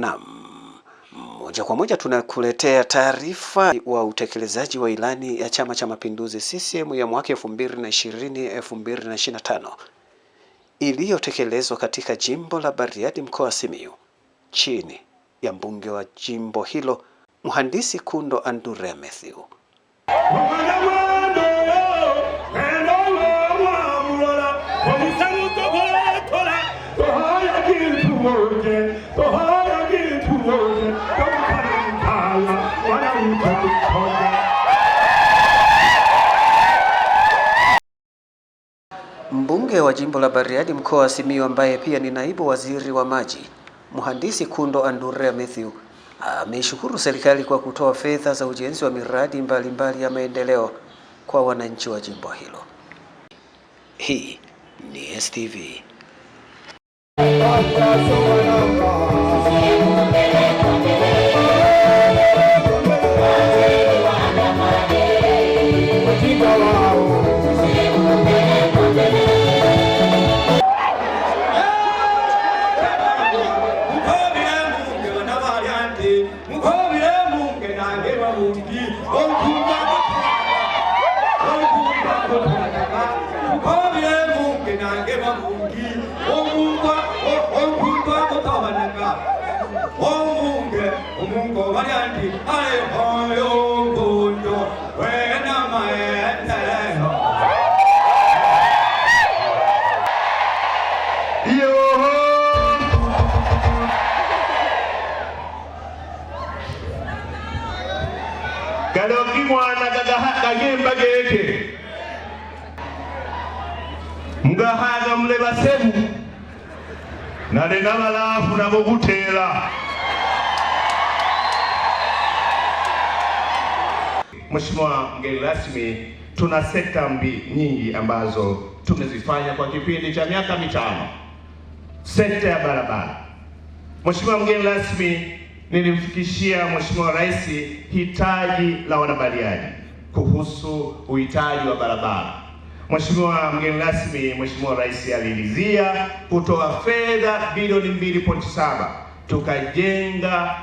Naam. Moja kwa moja tunakuletea taarifa wa utekelezaji wa ilani ya Chama cha Mapinduzi CCM ya mwaka 2020 2025 iliyotekelezwa katika jimbo la Bariadi mkoa wa Simiyu chini ya mbunge wa jimbo hilo Mhandisi Kundo Andure Mathew. jimbo la Bariadi mkoa wa Simiyu ambaye pia ni naibu waziri wa maji Mhandisi Kundo andurea Matthew ameshukuru serikali kwa kutoa fedha za ujenzi wa miradi mbalimbali mbali ya maendeleo kwa wananchi wa jimbo hilo. Hii ni STV. wangi mwana gagahemba geke mugahaga mule basebu nale n'abalaafu nabo guteera Mheshimiwa mgeni rasmi, tuna sekta mbi nyingi ambazo tumezifanya kwa kipindi cha miaka mitano. Sekta ya barabara, Mheshimiwa mgeni rasmi nilimfikishia Mheshimiwa Rais hitaji la wanabariadi kuhusu uhitaji wa barabara. Mheshimiwa mgeni rasmi, Mheshimiwa Rais alilizia kutoa fedha bilioni 2.7 tukajenga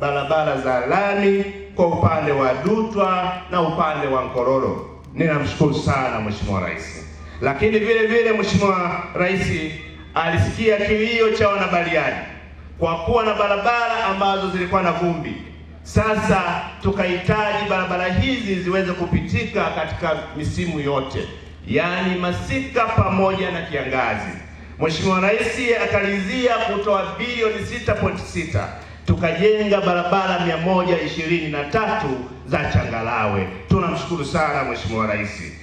barabara za lami kwa upande wa Dutwa na upande wa Nkororo. Ninamshukuru sana Mheshimiwa Rais, lakini vile vile Mheshimiwa Rais alisikia kilio cha wanabariadi kwa kuwa na barabara ambazo zilikuwa na vumbi. Sasa tukahitaji barabara hizi ziweze kupitika katika misimu yote, yaani masika pamoja na kiangazi. Mheshimiwa Rais akalizia kutoa bilioni 6.6 tukajenga barabara tatu za changalawe. Tunamshukuru sana Mheshimiwa Rais.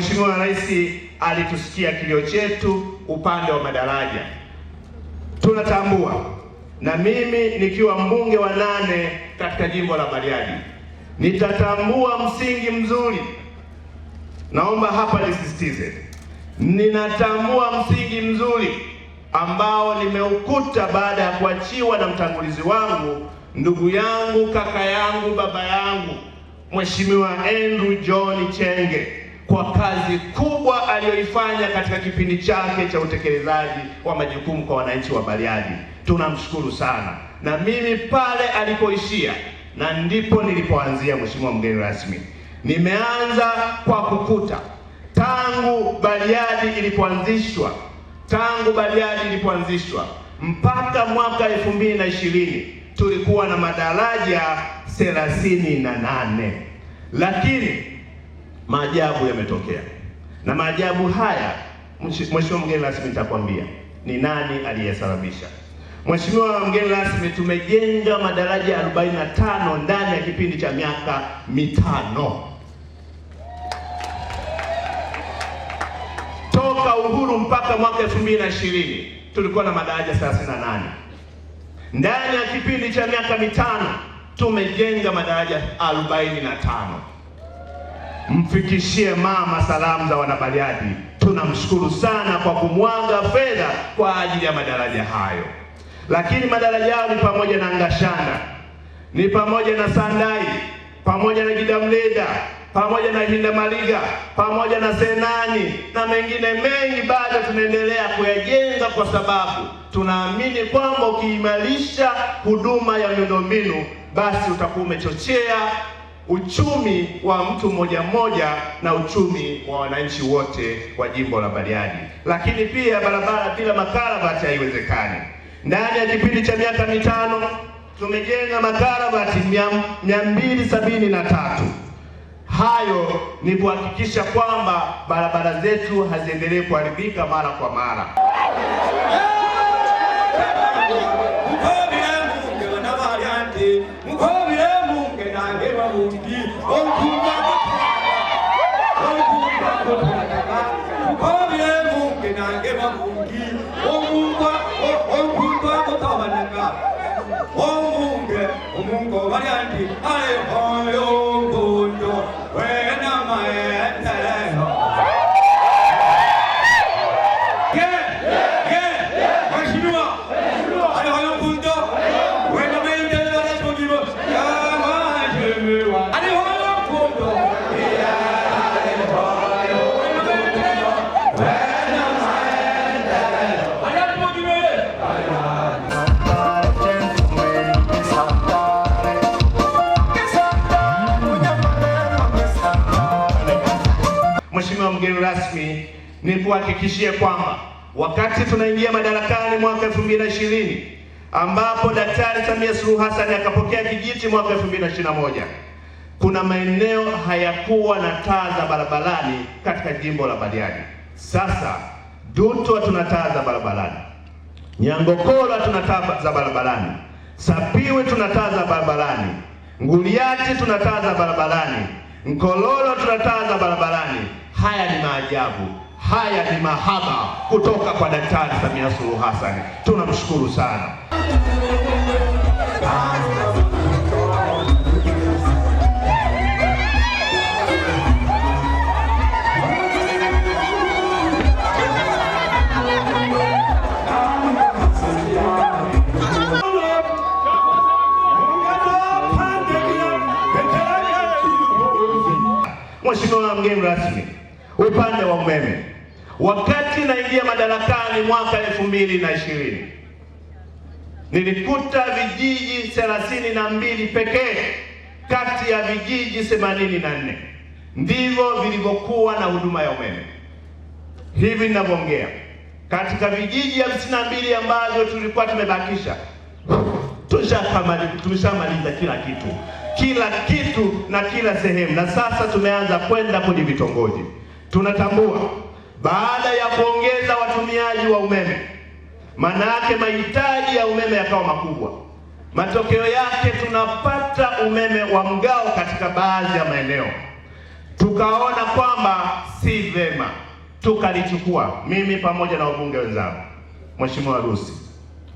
Mheshimiwa Rais alitusikia kilio chetu upande wa madaraja. Tunatambua na mimi nikiwa mbunge wa nane katika jimbo la Bariadi nitatambua msingi mzuri. Naomba hapa nisisitize, ninatambua msingi mzuri ambao nimeukuta baada ya kuachiwa na mtangulizi wangu, ndugu yangu, kaka yangu, baba yangu, Mheshimiwa Andrew John Chenge kwa kazi kubwa aliyoifanya katika kipindi chake cha utekelezaji wa majukumu kwa wananchi wa Bariadi. Tunamshukuru sana, na mimi pale alipoishia na ndipo nilipoanzia. Mheshimiwa mgeni rasmi, nimeanza kwa kukuta tangu Bariadi ilipoanzishwa, tangu Bariadi ilipoanzishwa mpaka mwaka elfu mbili na ishirini tulikuwa na madaraja thelathini na nane lakini maajabu yametokea, na maajabu haya, mheshimiwa mgeni rasmi, nitakwambia ni nani aliyesababisha. Mheshimiwa mgeni rasmi, tumejenga madaraja 45 ndani ya kipindi cha miaka mitano toka uhuru mpaka mwaka 2020 tulikuwa na madaraja 38. Ndani ya kipindi cha miaka mitano tumejenga madaraja 45 mfikishie mama salamu za Wanabariadi. Tunamshukuru sana kwa kumwaga fedha kwa ajili ya madaraja hayo, lakini madaraja hayo ni pamoja na Ngashanda, ni pamoja na Sandai, pamoja na Gidamleda, pamoja na Hindamaliga, pamoja na Senani na mengine mengi, bado tunaendelea kuyajenga kwa sababu tunaamini kwamba ukiimarisha huduma ya miundombinu basi utakuwa umechochea uchumi wa mtu mmoja mmoja na uchumi wa wananchi wote wa jimbo la Bariadi. Lakini pia barabara bila makarabati haiwezekani. Ndani ya kipindi cha miaka mitano tumejenga makarabati mia mbili sabini na tatu. Hayo ni kuhakikisha kwamba barabara zetu haziendelee kuharibika mara kwa mara. Mheshimiwa mgeni rasmi, nikuhakikishie kwamba wakati tunaingia madarakani mwaka 2020 ambapo Daktari Samia Suluhu Hassan akapokea kijiti mwaka 2021 kuna maeneo hayakuwa na taa za barabarani katika jimbo la Bariadi. Sasa Dutwa tuna taa za barabarani, Nyangokoro tuna taa za barabarani, Sapiwe tuna taa za barabarani, Nguliati tuna taa za barabarani, Nkololo tuna taa za barabarani. Haya ni maajabu, haya ni mahaba kutoka kwa Daktari Samia Suluhu Hassan. Tunamshukuru sana. Januari mwaka 2020 nilikuta vijiji thelathini na mbili pekee kati ya vijiji themanini na nne ndivyo vilivyokuwa na huduma ya umeme hivi ninavyoongea. Katika vijiji hamsini na mbili ambavyo tulikuwa tumebakisha, tumeshamaliza kila kitu, kila kitu na kila sehemu, na sasa tumeanza kwenda kwenye vitongoji. Tunatambua baada ya kuongeza watumiaji wa umeme, maana yake mahitaji ya umeme yakawa makubwa. Matokeo yake tunapata umeme wa mgao katika baadhi ya maeneo, tukaona kwamba si vema, tukalichukua mimi pamoja na wabunge wenzangu, Mheshimiwa Rusi,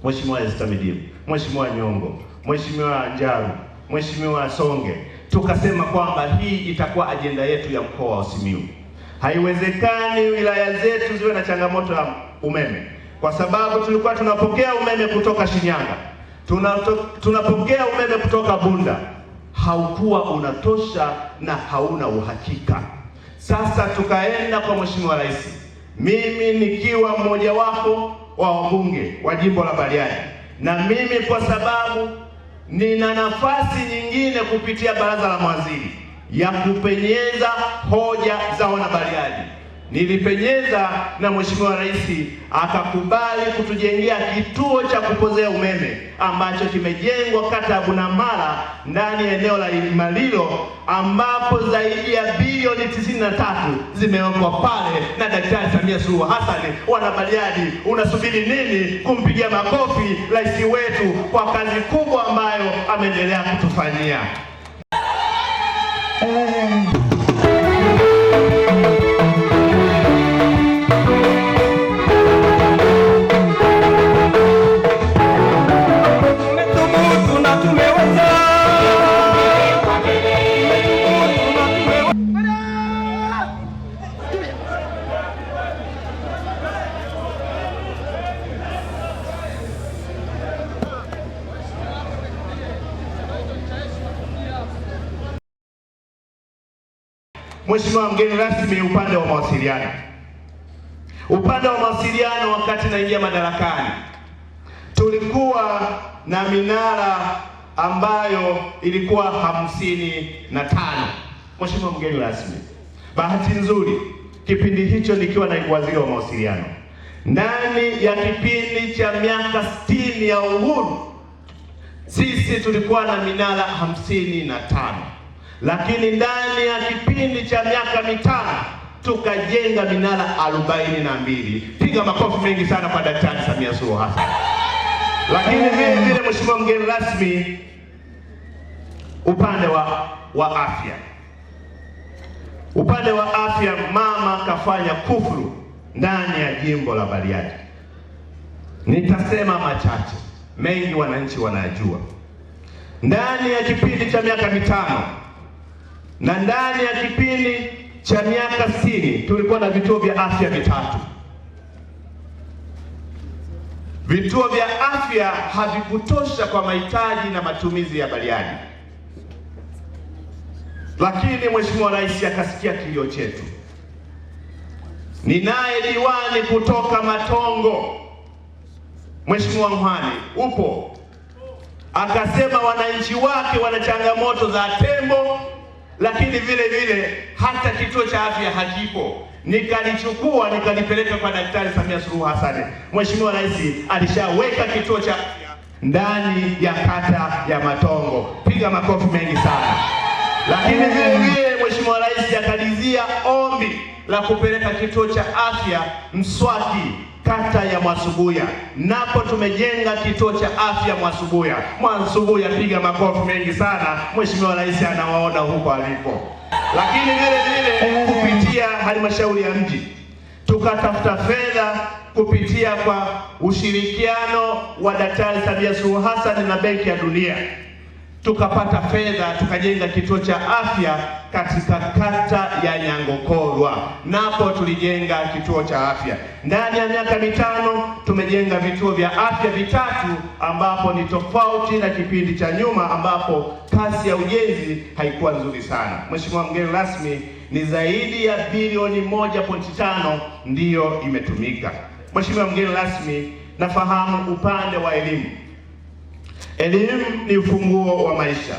Mheshimiwa Estamidim, Mheshimiwa Nyongo, Mheshimiwa Njaru, Mheshimiwa Songe, tukasema kwamba hii itakuwa ajenda yetu ya mkoa wa Simiyu. Haiwezekani wilaya zetu ziwe na changamoto ya umeme, kwa sababu tulikuwa tunapokea umeme kutoka Shinyanga, tunato, tunapokea umeme kutoka Bunda, haukuwa unatosha na hauna uhakika. Sasa tukaenda kwa Mheshimiwa Rais, mimi nikiwa mmojawapo wa wabunge wa jimbo la Bariadi, na mimi kwa sababu nina nafasi nyingine kupitia baraza la mawaziri ya kupenyeza hoja za wanabariadi. Nilipenyeza na Mheshimiwa Rais akakubali kutujengea kituo cha kupozea umeme ambacho kimejengwa kata ya Bunamala ndani ya eneo la Imalilo ambapo zaidi ya bilioni tisini na tatu zimewekwa pale na Daktari Samia Suluhu Hassan. Wanabariadi, unasubiri nini kumpigia makofi rais wetu kwa kazi kubwa ambayo ameendelea kutufanyia? Hey. Mheshimiwa mgeni rasmi, upande wa mawasiliano, upande wa mawasiliano, wakati naingia madarakani tulikuwa na minara ambayo ilikuwa hamsini na tano. Mheshimiwa mgeni rasmi, bahati nzuri kipindi hicho nikiwa naibu waziri wa mawasiliano, ndani ya kipindi cha miaka sitini ya uhuru sisi tulikuwa na minara hamsini na tano lakini ndani ya kipindi cha miaka mitano tukajenga minara arobaini na mbili. Piga makofi mengi sana kwa Daktari Samia Suluhu Hassan. Lakini vile vile, mheshimiwa mgeni rasmi, upande wa, wa afya upande wa afya, mama kafanya kufuru ndani ya jimbo la Bariadi. Nitasema machache, mengi wananchi wanajua. Ndani ya kipindi cha miaka mitano na ndani ya kipindi cha miaka sitini tulikuwa na vituo vya afya vitatu. Vituo vya afya havikutosha kwa mahitaji na matumizi ya Bariadi, lakini Mheshimiwa Rais akasikia kilio chetu. Ninaye diwani kutoka Matongo, Mheshimiwa Mhani, upo, akasema wananchi wake wana changamoto za tembo lakini vile vile hata kituo cha afya hakipo. Nikalichukua nikalipeleka kwa Daktari Samia Suluhu Hassan. Mheshimiwa Rais alishaweka kituo cha ndani ya kata ya Matongo, piga makofi mengi sana. Lakini vile vile Mheshimiwa Rais akalizia ombi la kupeleka kituo cha afya Mswaki kata ya Mwasubuya, napo tumejenga kituo cha afya Mwasubuya. Mwasubuya, piga makofi mengi sana, Mheshimiwa Rais anawaona huko alipo. Lakini vile vile kupitia halmashauri ya mji tukatafuta fedha kupitia kwa ushirikiano wa Daktari Samia Suluhu Hassan na Benki ya Dunia tukapata fedha tukajenga kituo cha afya katika kata ya Nyangokorwa, napo tulijenga kituo cha afya. Ndani ya miaka mitano tumejenga vituo vya afya vitatu, ambapo ni tofauti na kipindi cha nyuma ambapo kasi ya ujenzi haikuwa nzuri sana. Mheshimiwa mgeni rasmi, ni zaidi ya bilioni moja pointi tano ndiyo imetumika. Mheshimiwa mgeni rasmi, nafahamu upande wa elimu Elimu ni ufunguo wa maisha,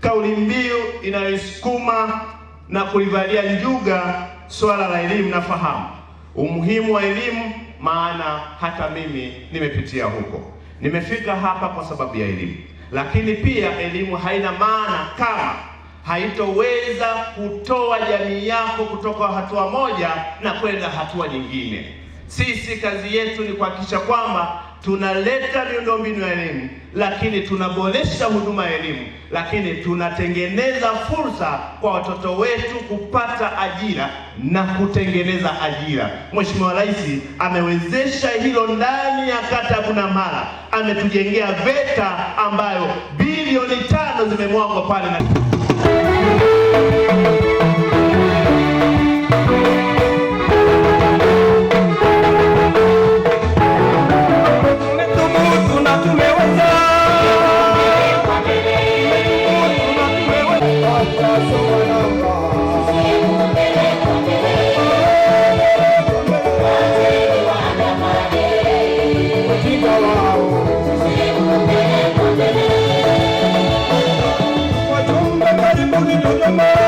kauli mbiu inayoisukuma na kulivalia njuga swala la elimu na fahamu, umuhimu wa elimu, maana hata mimi nimepitia huko, nimefika hapa kwa sababu ya elimu. Lakini pia elimu haina maana kama haitoweza kutoa jamii yako kutoka hatua moja na kwenda hatua nyingine. Sisi kazi yetu ni kuhakikisha kwamba tunaleta miundombinu ya elimu, lakini tunaboresha huduma ya elimu, lakini tunatengeneza fursa kwa watoto wetu kupata ajira na kutengeneza ajira. Mheshimiwa Rais amewezesha hilo ndani ya kata ya Bunamala, ametujengea VETA ambayo bilioni tano zimemwagwa pale na Thank you.